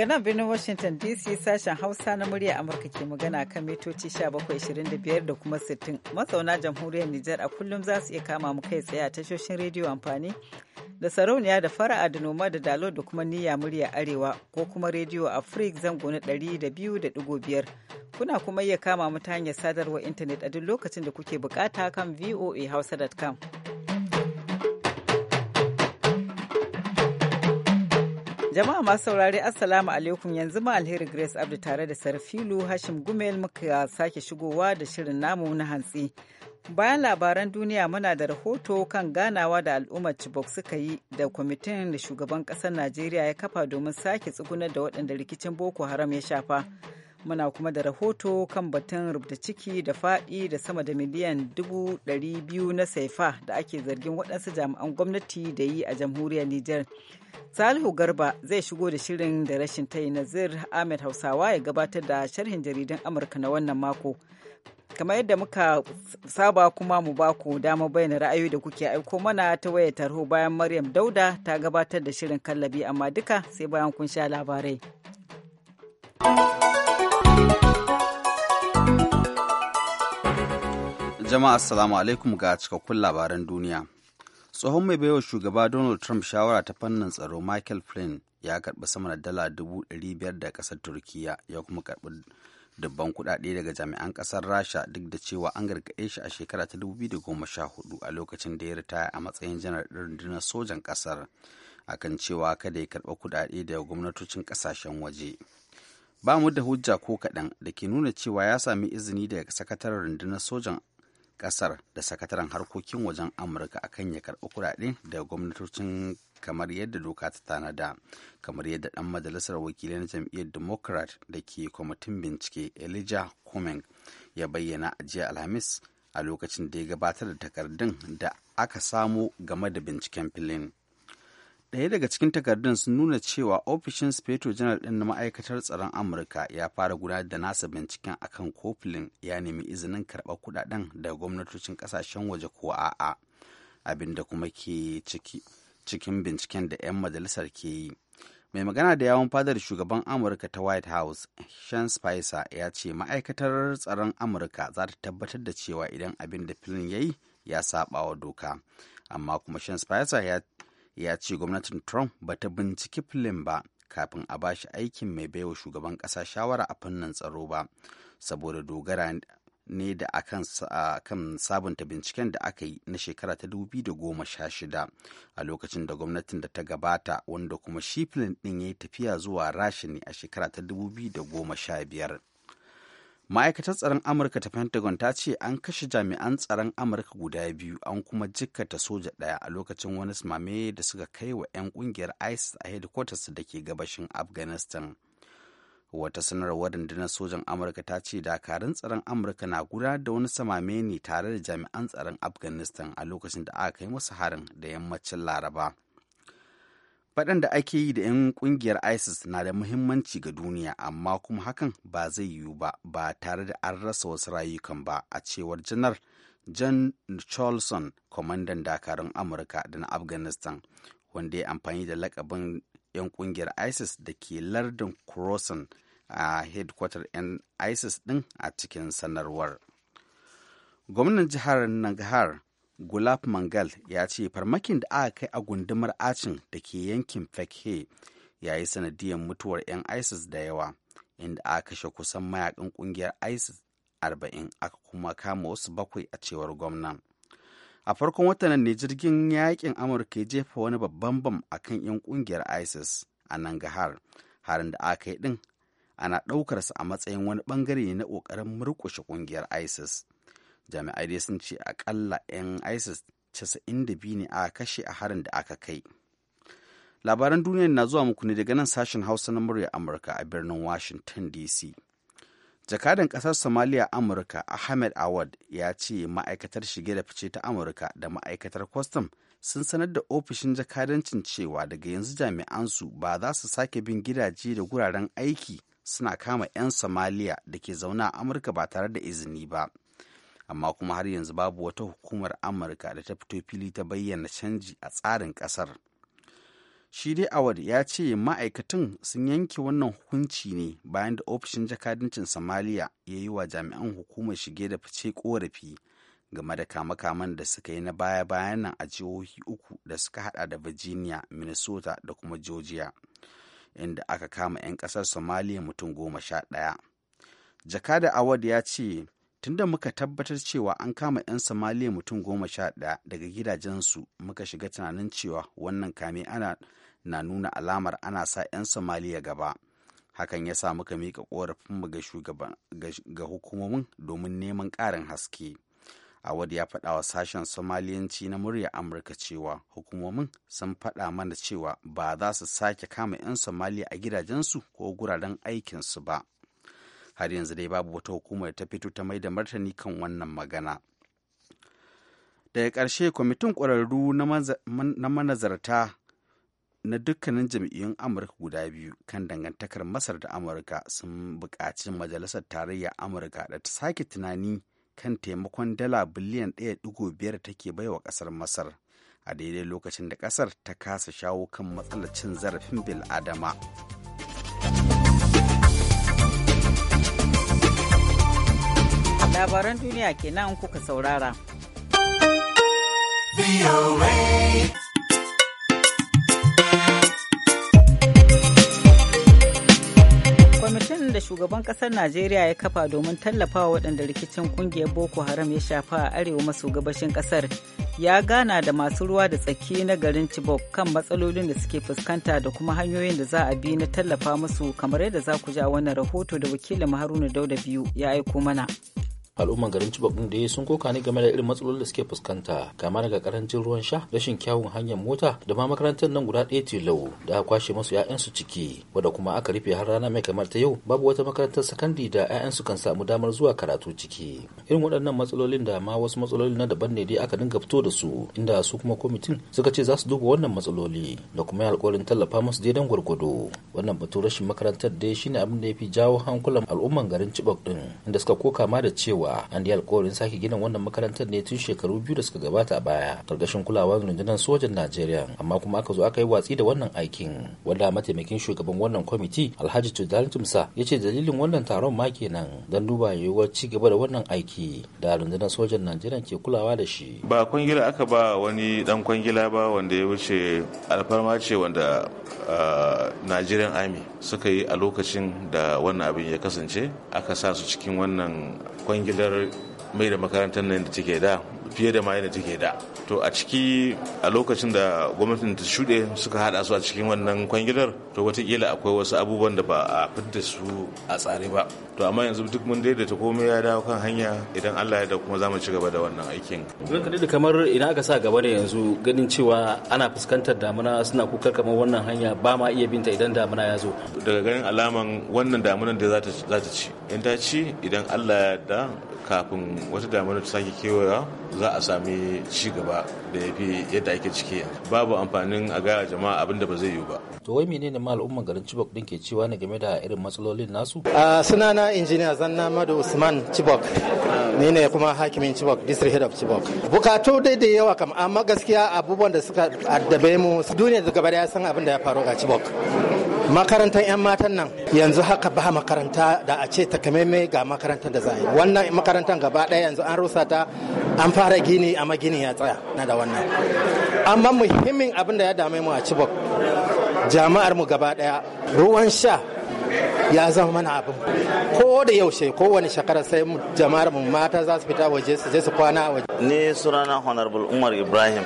Daga nan birnin Washington DC sashen Hausa na murya Amurka ke magana kan mitoci 1725 da kuma 60. Mazauna jamhuriyar Nijar a kullum za su iya kama mu kai tsaye a tashoshin rediyo amfani da sarauniya da fara'a da noma da dalo da kuma niyya murya arewa ko kuma rediyo a freak zango na 200.5 kuna kuma iya kama mu ta hanyar sadarwar intanet a duk lokacin da kuke bukata kan voa voahausa.com. Jama'a masu saurare Assalamu alaikum yanzu ma alheri Grace Abdu tare da Sarfilu Hashim Gumel muka sake shigowa da shirin namu na hantsi. Bayan labaran duniya muna da rahoto kan ganawa da al'ummar Chibok suka yi da kwamitin da shugaban ƙasar Najeriya ya kafa domin sake tsugunar da waɗanda rikicin Boko Haram ya shafa. muna kuma da rahoto kan batun rubuta ciki da faɗi da sama da miliyan dubu na saifa da ake zargin waɗansu jami'an gwamnati da yi a jamhuriyar Nijar. Salihu Garba zai shigo da shirin da rashin tayi Nazir Ahmed Hausawa ya gabatar da sharhin jaridan Amurka na wannan mako. Kamar yadda muka saba kuma mu ba ku dama bayyana ra'ayoyi da kuke aiko mana ta wayar tarho bayan Maryam Dauda ta gabatar da shirin kallabi amma duka sai bayan kun sha labarai. Jama'a assalamu alaikum ga cikakkun labaran duniya. Tsohon mai baiwa shugaba Donald Trump shawara ta fannin tsaro Michael Flynn ya karbi sama da dala dubu dari biyar da kasar Turkiyya ya kuma karbi dubban kudade daga jami'an kasar Rasha duk da cewa an gargaɗe shi a shekara ta 2014 a lokacin da ya ritaya a matsayin janar rundunar sojan kasar akan cewa kada ya karɓi kudade daga gwamnatocin kasashen waje. ba mu da hujja ko kaɗan da ke nuna cewa ya sami izini daga sakataren rundunar sojan kasar da sakataren harkokin wajen amurka akan ya karɓi kuɗaɗe da gwamnatocin kamar yadda doka ta tanada kamar yadda ɗan majalisar wakilai na jam'iyyar democrat da ke kwamitin bincike elijah coming ya bayyana a jiya alhamis a lokacin da ya gabatar da takardun da aka samo game da binciken filin ɗaya daga cikin takardun sun nuna cewa ofishin speto janar ɗin na ma'aikatar tsaron amurka ya fara gudanar da nasa binciken akan kofilin ya nemi izinin karɓar kudaden daga gwamnatocin kasashen waje ko a'a abin da kuma ke cikin binciken da 'yan majalisar ke yi mai magana da yawon fadar shugaban amurka ta white house shan spicer ya ce ma'aikatar tsaron amurka za ta tabbatar da cewa idan abin da filin ya yi ya saba wa doka amma kuma shan spicer ya ya ce gwamnatin Trump ba ta binciki Flynn ba kafin a bashi aikin mai baiwa shugaban kasa shawara a fannin tsaro ba, saboda dogara ne da akan kan sabunta binciken da aka yi na shekara ta 2016 a lokacin da gwamnatin da ta gabata wanda kuma shi Flynn ɗin ya yi tafiya zuwa rasha ne a shekara ta 2015. ma'aikatar tsaron amurka ta pentagon ta ce an kashe jami'an tsaron amurka guda biyu an kuma jikkata soja ɗaya a lokacin wani simame da suka kai wa 'yan kungiyar isis a headquarters da ke gabashin afghanistan wata sanarwar rundunar sojan amurka ta ce dakarun tsaron amurka na guda da wani samame ne tare da jami'an tsaron afghanistan a lokacin da aka kai musu harin da yammacin laraba faɗan da ake yi da 'yan ƙungiyar isis na da muhimmanci ga duniya amma kuma hakan ba zai yiwu ba ba tare da an rasa wasu rayukan ba a cewar janar john Charleston, kwamandan dakarun amurka da na afghanistan wanda ya amfani da lakabin 'yan ƙungiyar isis da ke lardin croson a headquarter 'yan isis ɗin a cikin sanarwar gwamnan jihar nangarhar gulab mangal ya ce farmakin da aka kai a gundumar acin da ke yankin fekhe ya yi sanadiyar mutuwar 'yan isis da yawa inda aka kashe kusan mayakan kungiyar isis 40 aka kuma kama wasu bakwai a cewar gwamna a farkon watan ne jirgin yakin amurka ya jefa wani babban bam akan 'yan kungiyar isis a nan gahar harin da aka yi din ana ɗaukarsa a matsayin wani ɓangare na ƙoƙarin murƙushe ƙungiyar isis jami'ai dai sun ce akalla 'yan isis 92 ne aka kashe a harin da aka kai labaran duniya na zuwa muku ne daga nan sashen hausa na murya amurka a birnin washington dc jakadan kasar somalia amurka ahmed awad ya ce ma'aikatar shige da fice ta amurka da ma'aikatar kwastam sun sanar da ofishin jakadancin cewa daga yanzu jami'ansu ba za su sake bin gidaje da guraren aiki suna kama 'yan somalia da ke zaune a amurka ba tare da izini ba amma kuma har yanzu babu wata hukumar amurka da ta fito fili ta bayyana canji a tsarin kasar. shi dai awad ya ce ma'aikatan sun yanke wannan hukunci ne bayan da ofishin jakadancin somaliya ya yi wa jami'an hukumar shige da fice korafi game da kama-kaman da suka yi na baya-bayan nan a jihohi uku da suka hada da virginia minnesota da kuma georgia inda aka kama 'yan kasar somalia mutum goma sha ɗaya jakada awad ya ce tunda muka tabbatar cewa an kama 'yan somaliya mutum goma sha ɗaya daga gidajensu muka shiga tunanin cewa wannan kame ana na nuna alamar ana sa 'yan somaliya gaba hakan ya sa muka miƙa ƙorafinmu ga shugaban ga hukumomin domin neman ƙarin haske awad ya faɗa wa sashen somaliyanci na murya amurka cewa hukumomin sun faɗa mana cewa ba za su sake kama 'yan somaliya a gidajensu ko guraren aikinsu ba har yanzu dai babu wata hukumar ta fito ta mai da martani kan wannan magana daga ƙarshe kwamitin ƙwararru na manazarta na dukkanin jam'iyyun amurka guda biyu kan dangantakar masar da amurka sun buƙaci majalisar tarayya amurka da ta sake tunani kan taimakon dala biliyan 1.5 da take baiwa ƙasar masar a daidai lokacin da ƙasar ta kasa shawo kan matsalar cin zarafin bil'adama. adama labaran duniya kenan kuka saurara. kwamitin da shugaban kasar najeriya ya kafa domin tallafawa waɗanda rikicin kungiyar boko haram ya shafa a arewa maso gabashin kasar ya gana da masu ruwa da tsaki na garin chibok kan matsalolin da suke fuskanta da kuma hanyoyin da za a bi na tallafa musu kamar yadda za ku ja wannan rahoto da wakilin haruna dauda biyu ya aiko mana al'umman garin Chibok din da sun koka ne game da irin matsalolin da suke fuskanta kama daga karancin ruwan sha rashin kyawun hanyar mota da ma makarantar nan guda ɗaya tilau da aka kwashe masu ƴaƴansu ciki wanda kuma aka rufe har rana mai kamar ta yau babu wata makarantar sakandi da ƴaƴansu kan samu damar zuwa karatu ciki irin waɗannan matsalolin da ma wasu matsaloli na daban ne dai aka dinga fito da su inda su kuma kwamitin suka ce za su duba wannan matsaloli da kuma alƙawarin tallafa musu daidan gwargwado wannan batu rashin makarantar da dai shine abin da ya fi jawo hankulan al'umman garin Chibok din inda suka koka ma da cewa cewa an yi alkawarin sake gina wannan makarantar ne tun shekaru biyu da suka gabata a baya karkashin da rundunar sojan najeriya amma kuma aka zo aka yi watsi da wannan aikin wanda mataimakin shugaban wannan kwamiti alhaji tudal tumsa ya ce dalilin wannan taron ma kenan don duba yiwuwar ci gaba da wannan aiki da rundunar sojan najeriya ke kulawa da shi ba kwangila aka ba wani dan kwangila ba wanda ya wuce alfarma ce wanda nigerian army suka yi a lokacin da wannan abin ya kasance aka sa su cikin wannan kwangila kwangilar mai da makarantar nan da take da fiye da ma yadda take da to a ciki a lokacin da gwamnatin ta shuɗe suka haɗa su a cikin wannan kwangilar to watakila akwai wasu abubuwan da ba a fidda su a tsare ba to amma yanzu duk mun ta komai ya dawo kan hanya idan Allah ya da kuma za mu ci gaba da wannan aikin da kamar idan aka sa gaba ne yanzu ganin cewa ana fuskantar damuna suna kukar kamar wannan hanya ba ma iya binta idan damuna ya zo daga ganin alaman wannan damunan da za ta ci in ta ci idan Allah ya da kafin wata damuna ta sake kewaya za a sami ci gaba da ya fi yadda ake ciki yanzu babu amfanin a gaya jama'a abin da ba zai yiwu ba to wai menene ma al'umman garin Chibok din ke cewa ne game da irin matsalolin nasu a sunana injiniya Zanna Madu Usman Chibok ni ne kuma hakimin Chibok district head of Chibok bukatu dai da yawa kam amma gaskiya abubuwan da suka addabe mu duniya da gaba daya san abin da ya faru a Chibok makarantar 'yan matan nan yanzu haka ba makaranta da a ce takamaimai ga makarantar da za yi wannan makarantar gaba ɗaya yanzu an rusa ta an fara gini amma gini ya tsaya na da wannan amma muhimmin abin da ya dame mu a cibok jama'ar mu gaba ɗaya ruwan sha ya zama mana abin ko da yaushe ko wani shekara sai jama'ar mu mata za su fita waje su je su kwana waje ni sunana honorable umar ibrahim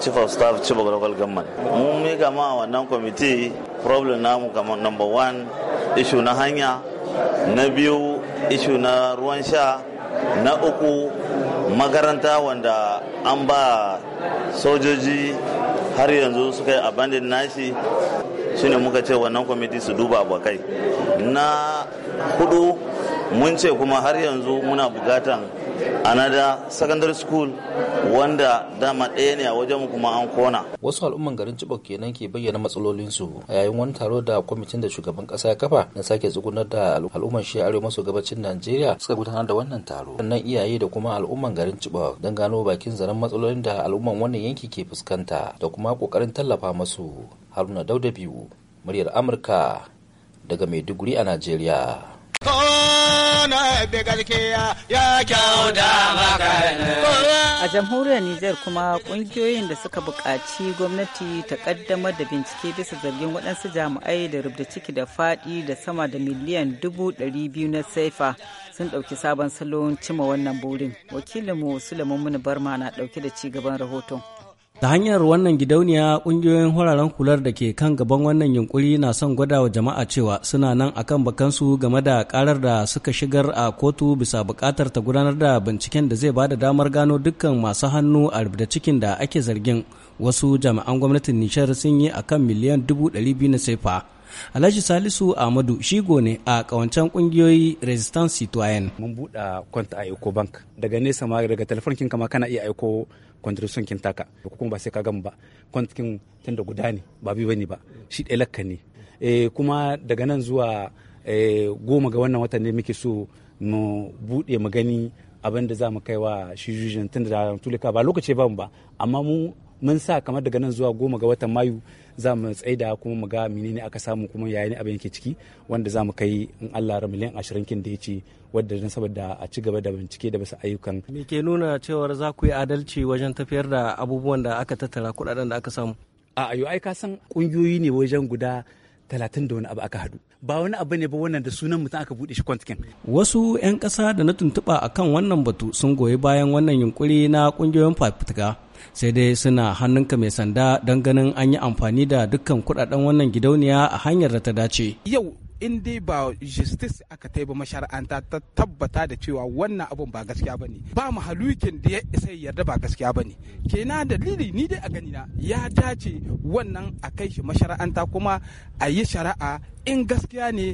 chief of staff chief of local government mun mika ma wannan kwamiti problem namu kamar number one issue na hanya na biyu issue na ruwan sha na uku makaranta wanda an ba sojoji har yanzu suka yi abandon nashi shine muka ce wannan kwamiti su duba abokai na hudu mun ce kuma har yanzu muna bukatan anada secondary school wanda dama ɗaya ne a wajen kuma an kona. Wasu al'umman garin cibok kenan ke bayyana matsalolinsu a yayin wani taro da kwamitin da shugaban kasa ya kafa na sake tsugunar da al'umman shi arewa maso gabacin Najeriya suka gudanar da wannan taro. Sannan iyaye da kuma al'umman garin cibok don gano bakin zaren matsalolin da al'umman wannan yanki ke fuskanta da kuma kokarin tallafa masu. haruna dauda biyu muryar amurka daga maiduguri a najeriya a jamhuriyar nijar kuma kungiyoyin da suka buƙaci gwamnati ta ƙaddamar da bincike bisa zargin waɗansu jami'ai da rubda ciki da faɗi da sama da miliyan dubu ɗari biyu na saifa sun ɗauki sabon salon cima wannan burin wakilinmu sulaiman muni barma na ɗauke da ci gaban rahoton ta hanyar wannan gidauniya ƙungiyoyin huraren kular da ke kan gaban wannan yunkuri na son gwada wa jama'a cewa suna nan akan bakansu game da karar da suka shigar a kotu bisa buƙatar ta gudanar da binciken da zai bada damar gano dukkan masu hannu a da cikin da ake zargin wasu jami'an gwamnatin nishar sun yi akan miliyan dubu ɗari biyu na sefa Alhaji Salisu Ahmadu Shigo ne a Kawancen kungiyoyi Resistance Citoyen. Mun buɗe kwanta a bank daga nesa ma daga telefon kinka ma kana iya aiko contribution kin taka ko kuma ba sai ka gama ba kwanta kin tunda guda ne ba bi bane ba shi ɗaya lakka ne eh, kuma daga nan zuwa eh, goma ga wannan watan ne muke so mu buɗe mu gani abin da za mu kai wa shi jujin tun da tulika ba lokaci ba mu ba amma mu mun sa kamar daga nan zuwa goma ga watan mayu za mu tsaida kuma mu ga menene aka samu kuma yayin abin yake ciki wanda za mu kai in Allah ra miliyan ashirin kin da yace wadda dan saboda a ci gaba da bincike da basu ayyukan me ke nuna cewar za ku yi adalci wajen tafiyar da abubuwan da aka tattara kudaden da aka samu a ayo ai ka san kungiyoyi ne wajen guda talatin da wani abu aka hadu ba wani abu ne ba wannan da sunan mutum aka buɗe shi kwantikin wasu 'yan kasa da na tuntuɓa akan wannan batu sun goyi bayan wannan yunkuri na kungiyoyin fafutuka sai dai suna hannunka mai sanda don ganin an yi amfani da dukkan kudaden wannan gidauniya a hanyar da ta dace yau in dai ba justice aka ta ba mashara'anta ta tabbata da cewa wannan abun ba gaskiya ba ne ba mahalukin da ya isa yarda ba gaskiya ba ne kenan dalili ni dai a ganina ya dace wannan a kai shi mashara'anta kuma a yi shari'a in gaskiya ne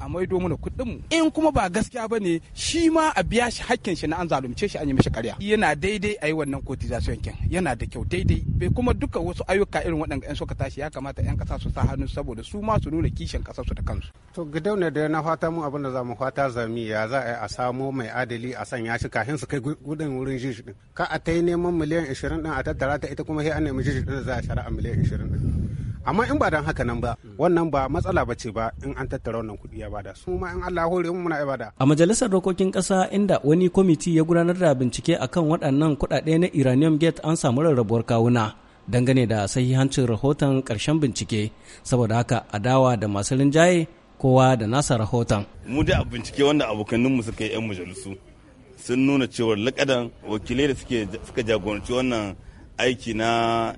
a maido mana kuɗinmu in kuma ba gaskiya ba ne shi ma a biya shi hakkin shi na an zalumce shi an yi mishi karya yana daidai a yi wannan cotization kin yana da kyau daidai bai kuma duka wasu ayyuka irin waɗanda 'yan suka tashi ya kamata 'yan ƙasa su sa hannu saboda su ma su nuna kishin ƙasar su da kansu. to ne da na fata mu abin da za mu fata zami ya za a yi a samo mai adali a sanya shi kafin su kai gudun wurin jishi din ka a ta yi neman miliyan 20 din a tattara ta ita kuma sai an nemi jishi din da za a a miliyan 20 din. amma in ba dan haka nan ba wannan ba matsala ba ce ba in an tattara wannan kuɗi ya bada su ma in Allah hore mu muna ibada a majalisar dokokin kasa inda wani kwamiti ya gudanar da bincike akan waɗannan kuɗaɗe na Iranium Gate an samu rarrabuwar kawuna dangane da sahihancin rahoton ƙarshen bincike saboda haka adawa da masu rinjaye kowa da nasa rahoton mu da bincike wanda mu suka yi 'yan majalisu sun nuna cewar lakadan wakilai da suka jagoranci wannan aiki na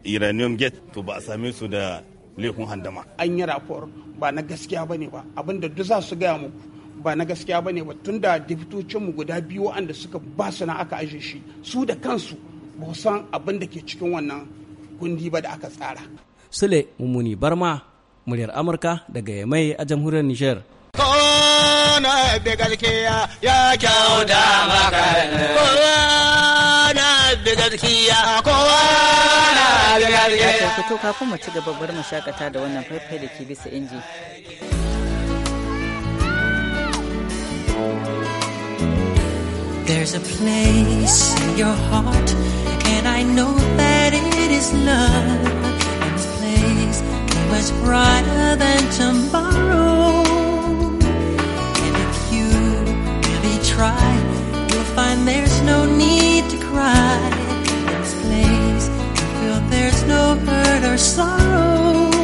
uranium gate to ba a same su da laifin handama an yi rafor ba na gaskiya ba ne ba abinda duk za su gaya muku ba na gaskiya ba ne ba tunda difitocinmu guda biyu wanda suka ba su na aka aje shi su da kansu ba san abin da ke cikin wannan kundi ba da aka tsara sule mummuni barma muryar amurka daga yamai a jamhuriyar nijar Kona bi gaskiya ya kyauta maka gaskiya kowa na ku to ci gaba mu shakata da wannan da ke bisa inji There's a place in your heart and I know that it is love this place is much brighter than tomorrow and if you really try find there's no need to cry in this place. Feel there's no hurt or sorrow.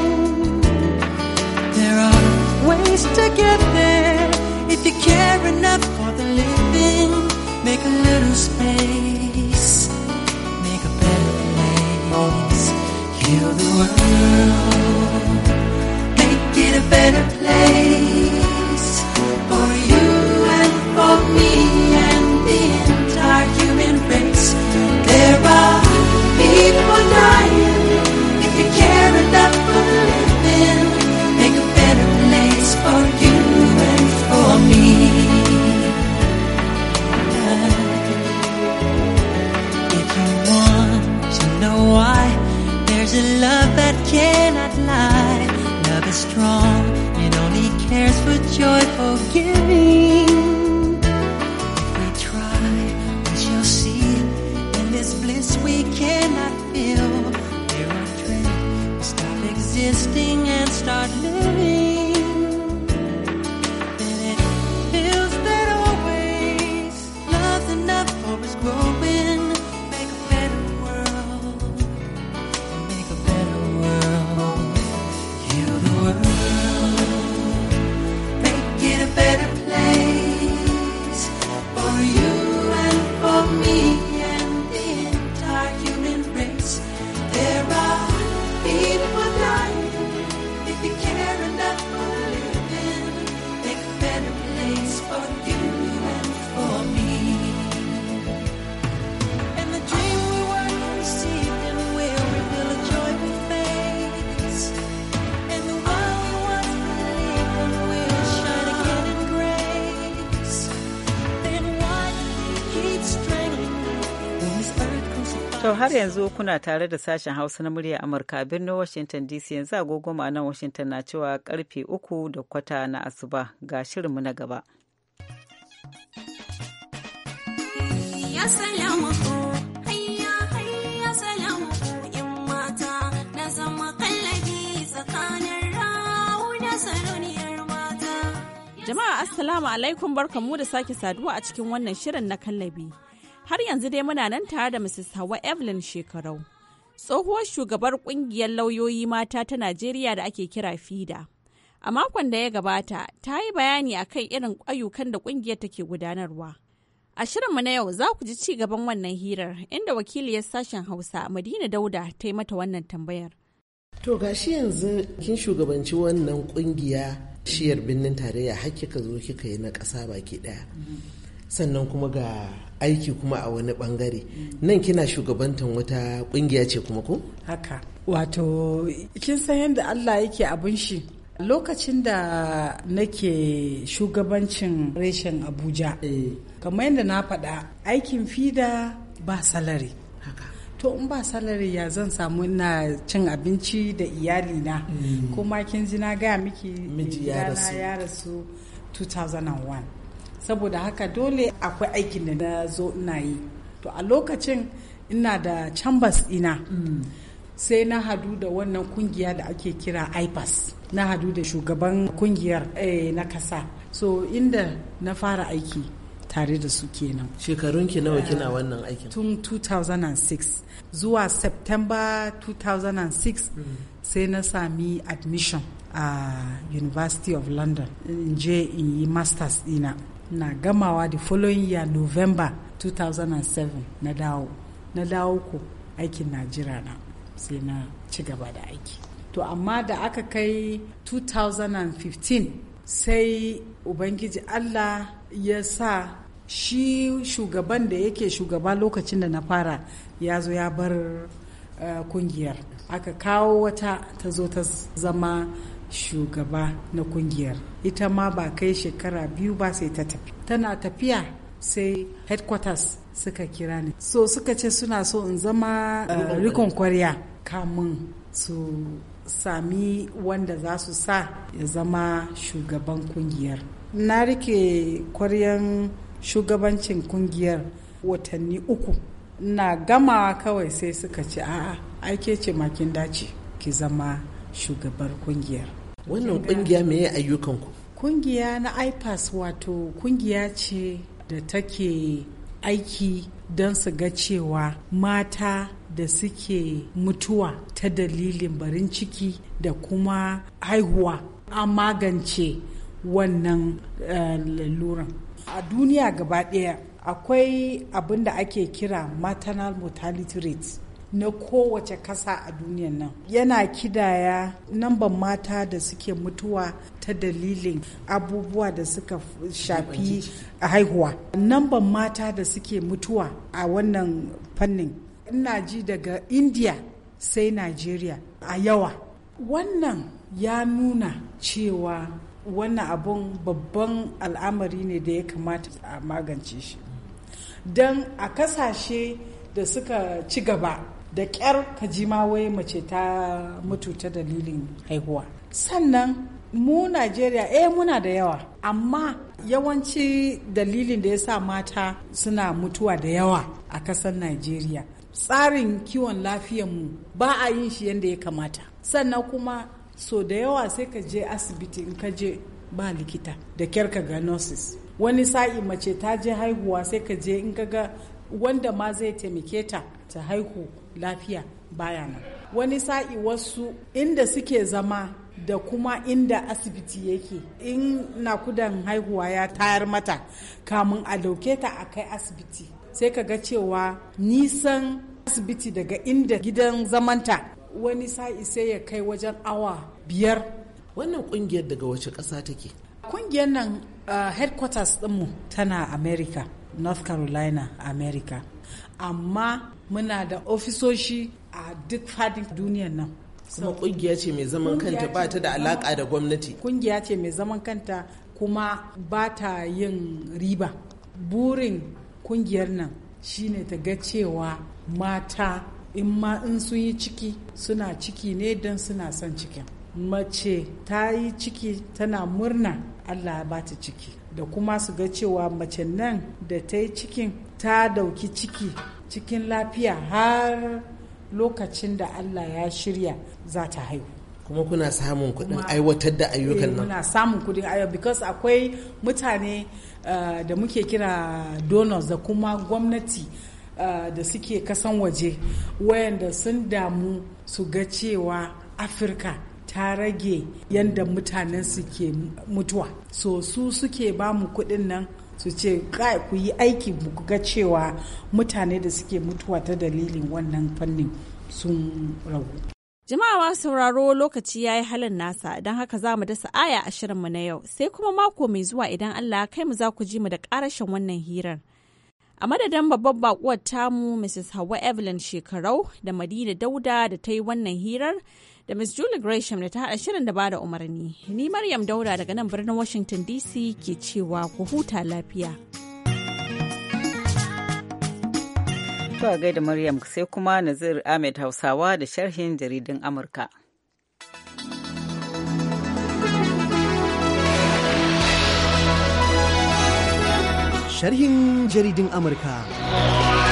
existing and start living. To har yanzu kuna tare da sashen Hausa na murya Amurka birnin Washington DC yanzu agogo nan Washington na cewa karfe uku da kwata na asuba ga shirinmu na gaba. Ya Jama'a Assalamu alaikum barkamu da sake saduwa a cikin wannan shirin na kallabi. Har yanzu dai muna nan tare da Mrs. Hawa Evelyn shekarau. Tsohuwar shugabar kungiyar lauyoyi mata ta Najeriya da ake kira FIDA. A makon da ya gabata, ta yi bayani a akan irin ayyukan da kungiyar take gudanarwa. A shirinmu na yau za ku ji ci gaban wannan hirar inda wakili ya sashen Hausa Madina Dauda ta yi mata wannan tambayar. To gashi yanzu kin shugabanci wannan kungiya shiyar birnin tarayya har kika zo kika yi na ƙasa baki ɗaya. sannan kuma ga aiki kuma a wani bangare nan kina shugabantan wata kungiya ce kuma ko haka wato kin san yadda allah yake abin shi lokacin da nake shugabancin reshen abuja eh. kamar yadda na faɗa aikin fida ba salari to in ba salari ya zan samu na cin abinci da iyalina mm. kuma kin ji na gaya miki miji ya rasu 2001 saboda haka dole akwai aikin da na zo ina yi to a lokacin ina da chambers ina mm. sai na hadu da wannan kungiya da ake kira ipas na hadu da shugaban kungiyar eh, na kasa so inda na fara aiki tare da su kenan shekarun ki nawa eh, kina wannan aikin tun 2006 zuwa september 2006 mm. sai na sami admission a university of london in je in yi masters dina na gamawa da following year november 2007 na dawo na dawo ko aikin najira na sai na ci gaba da aiki to amma da aka kai 2015 sai ubangiji allah ya sa shi shugaban da yake shugaba lokacin da na fara ya zo ya bar ƙungiyar eh, kungiyar aka kawo wata ta zo ta zama shugaba na kungiyar ita ma ba kai shekara biyu ba sai ta tafi tana tafiya sai headquarters suka kira ni so suka ce suna so in zama eh, rikon kwarya kamun su sami wanda za su sa ya zama shugaban kungiyar na rike kwaryan shugabancin kungiyar watanni uku na gama kawai sai suka ce a'a aike ce makin dace ki zama shugabar kungiyar wannan kungiya me ya ayyukanku kungiya na ipas wato kungiya ce da take aiki don su ga cewa mata da suke mutuwa ta dalilin barin ciki da kuma haihuwa an magance wannan eh, laluran a duniya gaba ɗaya akwai abin da ake kira maternal mortality rate na kowace kasa a duniyan nan yana kidaya namban mata da suke mutuwa ta dalilin abubuwa da suka shafi haihuwa namban mata da suke mutuwa a wannan fannin ina ji daga india sai nigeria a yawa wannan ya nuna cewa wannan abun babban al'amari ne da ya kamata a magance shi don a kasashe da suka ci gaba da ƙyar ka ji ma wai mace ta mutu ta dalilin haihuwa sannan mu najeriya eh muna da yawa amma yawanci dalilin da ya sa mata suna mutuwa da yawa a ƙasar najeriya tsarin kiwon mu ba a yin shi yadda ya kamata sannan kuma so da yawa sai ka je asibiti in ka je ba likita da kyar ka ga nurses wani sa'i mace ta je haihuwa sai ka je in ka ga wanda ma zai taimake ta ta haihu lafiya baya nan wani sa'i wasu inda suke zama da kuma inda asibiti yake in nakudan haihuwa ya tayar mata kamun a dauke ta a kai asibiti sai ka ga cewa nisan asibiti daga inda gidan zamanta wani sa'i sai ya kai wajen awa biyar wannan kungiyar daga wace ƙasa take kungiyar nan ah, headquarters ɗinmu tana america north carolina america amma muna da ofisoshi a duk fadin duniyar nan kuma kungiya ce mai zaman kanta ba ta da alaka da gwamnati kungiya ce mai zaman kanta kuma ba ta yin riba burin kungiyar nan shine ta ga cewa mata in ma in sun yi ciki suna ciki ne don suna son cikin mace ta yi ciki tana murna allah ba ta ciki da kuma su ga cewa mace nan da ta yi cikin ta dauki ciki cikin lafiya har lokacin da Allah ya shirya za ta haihu. kuma kuna samun kudin aiwatar da ayyukan nan eh, muna samun kudin aiwatar because akwai mutane eh, da muke kira donors da kuma gwamnati uh, da suke kasan waje wayanda sun damu su ga cewa afirka ta rage yadda mutanen su ke mutuwa so su suke ba mu kuɗin nan su ce kai ku yi aiki ku ga cewa mutane da suke mutuwa ta dalilin wannan fannin sun ragu Jama'a sauraro lokaci ya yi halin nasa don haka za mu dasa aya a shirinmu na yau sai kuma mako mai zuwa idan Allah kai mu za ku ji mu da karashin wannan hirar. A madadin babbar bakuwar tamu Mrs. Hawa Evelyn shekarau da Madina Dauda da ta yi wannan hirar da Miss Julie Gresham da ta haɗa shirin da bada umarni. Ni Maryam Dauda daga nan birnin Washington DC ke cewa ku huta lafiya. To gaida Maryam sai kuma Nazir Ahmed Hausawa da sharhin jaridun Amurka. Sharhin jaridun Amurka.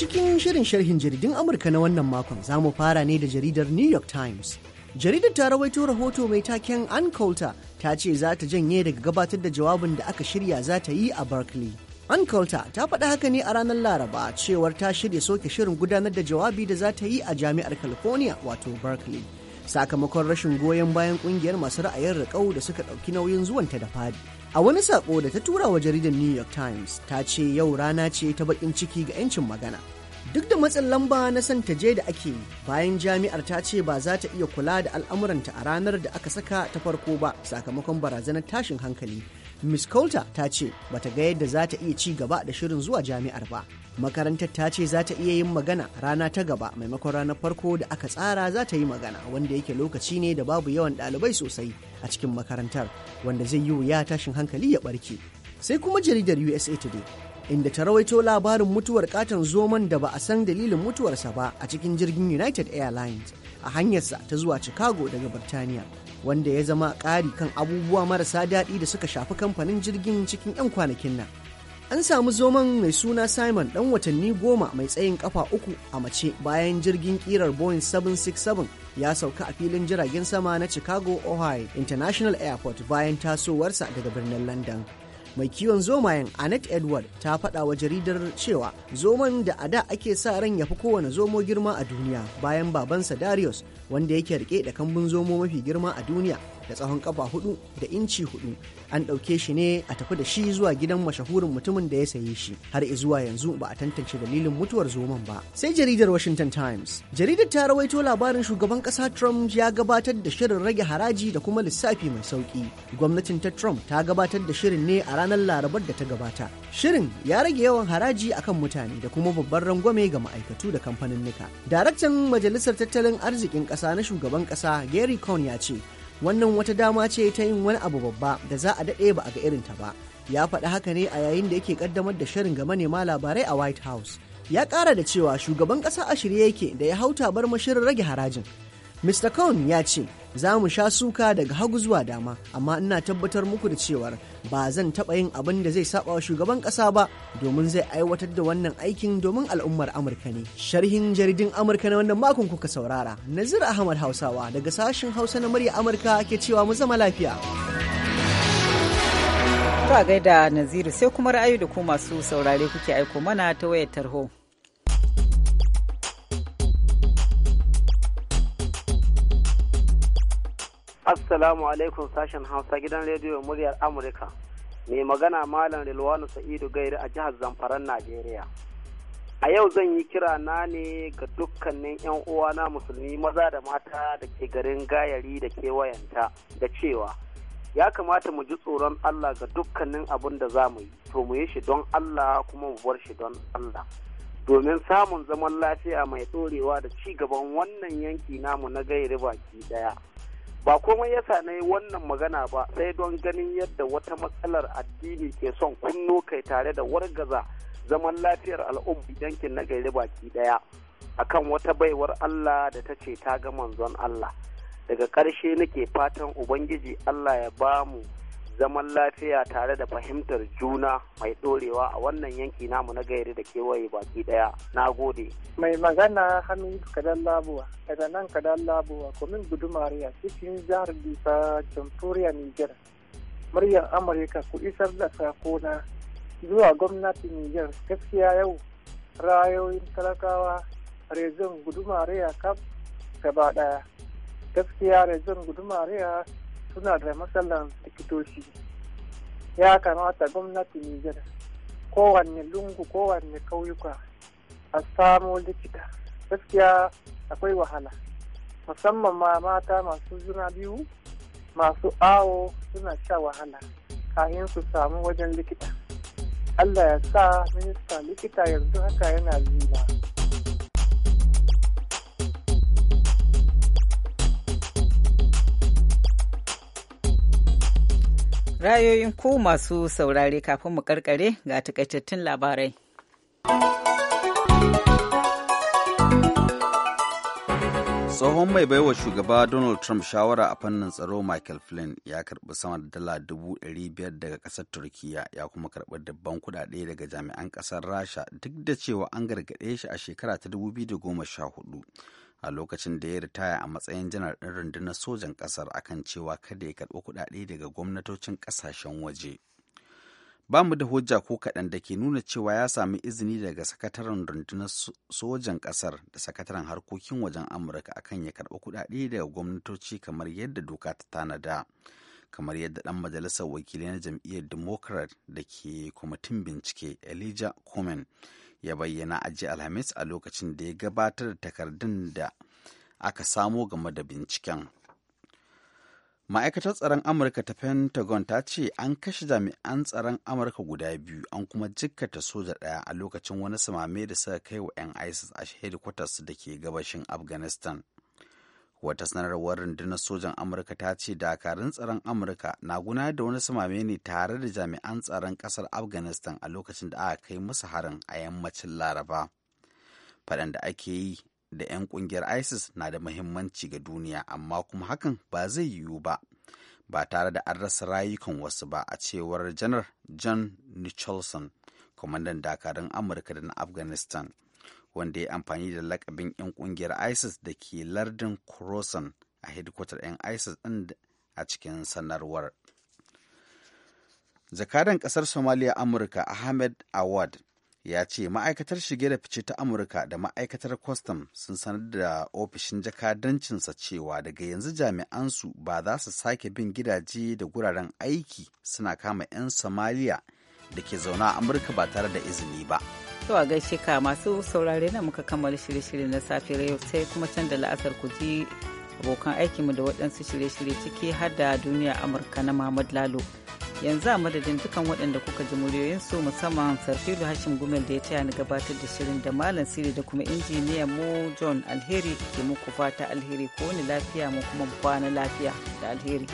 cikin shirin sharhin jaridun Amurka na wannan makon za mu fara ne da jaridar New York Times. Jaridar ta rawaito rahoto mai taken Ann Coulter ta ce za ta janye daga gabatar da jawabin da aka shirya za ta yi a Berkeley. Ann Coulter ta faɗi haka ne a ranar Laraba cewar ta shirya soke shirin gudanar da jawabi da za ta yi a jami'ar California wato Berkeley. Sakamakon rashin goyon bayan ƙungiyar masu ra'ayin da suka ɗauki nauyin zuwanta da fadi. A wani saƙo da ta tura wa jaridar New York Times ta ce yau rana ce ta bakin ciki ga 'yancin magana. Duk da matsin lamba na san je da ake yi bayan jami'ar ta ce ba za ta iya kula da al'amuranta a ranar da aka saka ta farko ba sakamakon barazanar tashin hankali. Miss Coulter ta ce bata ga yadda za ta iya ci gaba da shirin zuwa jami'ar ba. makarantar ta ce za ta iya yin magana rana ta gaba maimakon ranar farko da aka tsara za ta yi magana wanda yake lokaci ne da babu yawan ɗalibai sosai a cikin makarantar wanda zai yi wuya tashin hankali ya barke. sai kuma jaridar usa today inda ta rawaito labarin mutuwar katon zoman da ba a san dalilin mutuwarsa ba a cikin jirgin united airlines a hanyarsa ta zuwa chicago daga birtaniya wanda ya zama ƙari kan abubuwa marasa daɗi da suka shafi kamfanin jirgin cikin 'yan kwanakin nan an samu zoman mai suna simon dan watanni goma mai tsayin kafa uku a mace bayan jirgin kirar boeing 767 ya sauka a filin jiragen sama na chicago ohio international airport bayan tasowarsa daga birnin london mai kiwon zomayen annette edward ta faɗa wa jaridar cewa zoman da a da ake sa ran ya fi kowane zomo girma a duniya bayan babansa darius wanda yake rike da kambun zomo mafi girma a duniya da tsawon kafa hudu da inci hudu an ɗauke shi ne a tafi da shi zuwa gidan mashahurin mutumin da ya saye shi har zuwa yanzu ba a tantance dalilin mutuwar zoman ba sai jaridar washington times jaridar ta rawaito labarin shugaban ƙasa trump ya gabatar da shirin rage haraji da kuma lissafi mai sauki gwamnatin ta trump ta gabatar da shirin ne a ranar larabar da ta gabata shirin ya rage yawan haraji akan mutane da kuma babban rangwame ga ma'aikatu da kamfanin nika daraktan majalisar tattalin arzikin ƙasa na shugaban ƙasa gary cohn ya ce wannan wata dama ce ta yin wani abu babba da za a daɗe ba a ga irinta ba ya faɗi haka ne a yayin da yake kaddamar da shirin ga manema labarai a white house ya ƙara da cewa shugaban ƙasa a shirye yake da ya hau tabar mashirin rage harajin Mr. Cohn ya ce, za mu sha suka daga hagu zuwa dama, amma ina tabbatar muku da cewar ba zan taɓa yin abin da zai saba wa shugaban ƙasa ba domin zai aiwatar da wannan aikin domin al'ummar Amurka ne. Sharhin jaridin Amurka na wannan makon kuka saurara, Nazir Ahmad Hausawa daga sashen Hausa na murya Amurka ke cewa mu zama lafiya. Ba gaida Naziru sai kuma ra'ayi da ku masu saurare kuke aiko mana ta wayar tarho. Assalamu alaikum sashen Hausa gidan rediyo muryar Amurka. Mai magana Malam Rilwanu Sa'idu Gairi a jihar Zamfaran Najeriya. A yau zan yi kira na ne ga dukkanin 'yan uwana musulmi maza da mata da ke garin gayari da kewayenta da cewa ya kamata mu ji tsoron Allah ga dukkanin abin da za mu yi, to mu yi shi don Allah kuma mu bar shi don Allah. domin samun zaman lafiya mai ɗorewa da ci gaban wannan yanki namu na gairi baki ɗaya ba komai yasa na yi wannan magana ba sai don ganin yadda wata matsalar addini ke son kunno kai tare da wargaza zaman lafiyar al'ummi yankin na gari baki daya akan wata baiwar Allah da ta ce ta ga manzon Allah daga ƙarshe nake fatan ubangiji Allah ya ba mu zaman lafiya tare da fahimtar juna mai dorewa a wannan yanki namu na gairi da kewaye baki daya na gode mai magana hamidu kadan labuwa daga nan kadan labuwa kumin gudumariya cikin jihar bisa jamhuriyar niger muryar amurka ku isar da sakona zuwa gwamnatin niger gaskiya yau rayoyin talakawa rezon gudumariya kaf gaba daya gaskiya rezon gudumariya suna da matsalar likitoci ya kamata gwamnati nijar kowanne lungu kowanne kauyuka a samu likita gaskiya akwai wahala musamman ma mata masu juna biyu masu awo suna sha wahala kayan su samu wajen likita allah ya sa minista likita yanzu haka yana zina. Rayoyin ku masu saurare kafin mu karkare ga takaitattun labarai. tsohon mai baiwa shugaba donald trump shawara a fannin tsaro michael flynn ya karbi sama da dala dubu biyar daga ƙasar turkiyya ya kuma karbi dabban kuɗaɗe daga jami'an ƙasar rasha duk da cewa an gargaɗe shi a shekara ta 2014 a lokacin da ya ritaya a matsayin janar ɗin rundunar sojan ƙasar akan cewa kada ya karɓi kuɗaɗe daga gwamnatocin ƙasashen waje. bamu da hujja ko kaɗan da ke nuna cewa ya sami izini daga sakataren rundunar sojan ƙasar da sakataren harkokin wajen Amurka akan ya karɓi kuɗaɗe daga gwamnatoci kamar yadda doka ta tanada. kamar yadda ɗan majalisar wakilai na jam'iyyar democrat da ke kwamitin bincike elijah comen ya bayyana a jiya alhamis a lokacin da ya gabatar da takardun da aka samo game da binciken ma'aikatar tsaron amurka ta pentagon ta ce an kashe jami'an tsaron amurka guda biyu an kuma jikkata soja ɗaya a lokacin wani samame da suka kai wa 'yan isis a kwatarsu da ke gabashin afghanistan wata sanarwar rundunar sojan amurka ta ce dakarun tsaron amurka na gudanar da wani samame ne tare da jami'an tsaron kasar afghanistan a lokacin da aka kai musu harin a yammacin laraba faɗan da ake yi da 'yan ƙungiyar isis na da muhimmanci ga duniya amma kuma hakan ba zai yiwu ba ba tare da an rasa rayukan wasu ba a cewar janar john nicholson kwamandan dakarun amurka da na afghanistan wanda ya amfani da lakabin 'yan kungiyar isis da ke lardin croson a hedikwatar 'yan isis ɗin a cikin sanarwar jakadan kasar somaliya amurka ahmed awad ya ce ma'aikatar shige da fice ta amurka da ma'aikatar kwastam sun sanar da ofishin jakadancinsa cewa daga yanzu jami'ansu ba za su sake bin gidaje da guraren aiki suna kama 'yan somaliya da ke zauna amurka ba tare da izini ba. To a gaishe ka masu saurare na muka kammala shirye-shirye na safiyar yau sai kuma can da la'asar ku ji abokan aikinmu da waɗansu shirye-shirye ciki har da duniya Amurka na Muhammad Lalo. Yanzu a madadin dukan waɗanda kuka ji muryoyinsu musamman Sarfilu Hashim Gumel da ya taya ni gabatar da shirin da Malam Siri da kuma injiniya mu John Alheri ke muku fata alheri ko ni lafiya mu kuma kwana lafiya da alheri.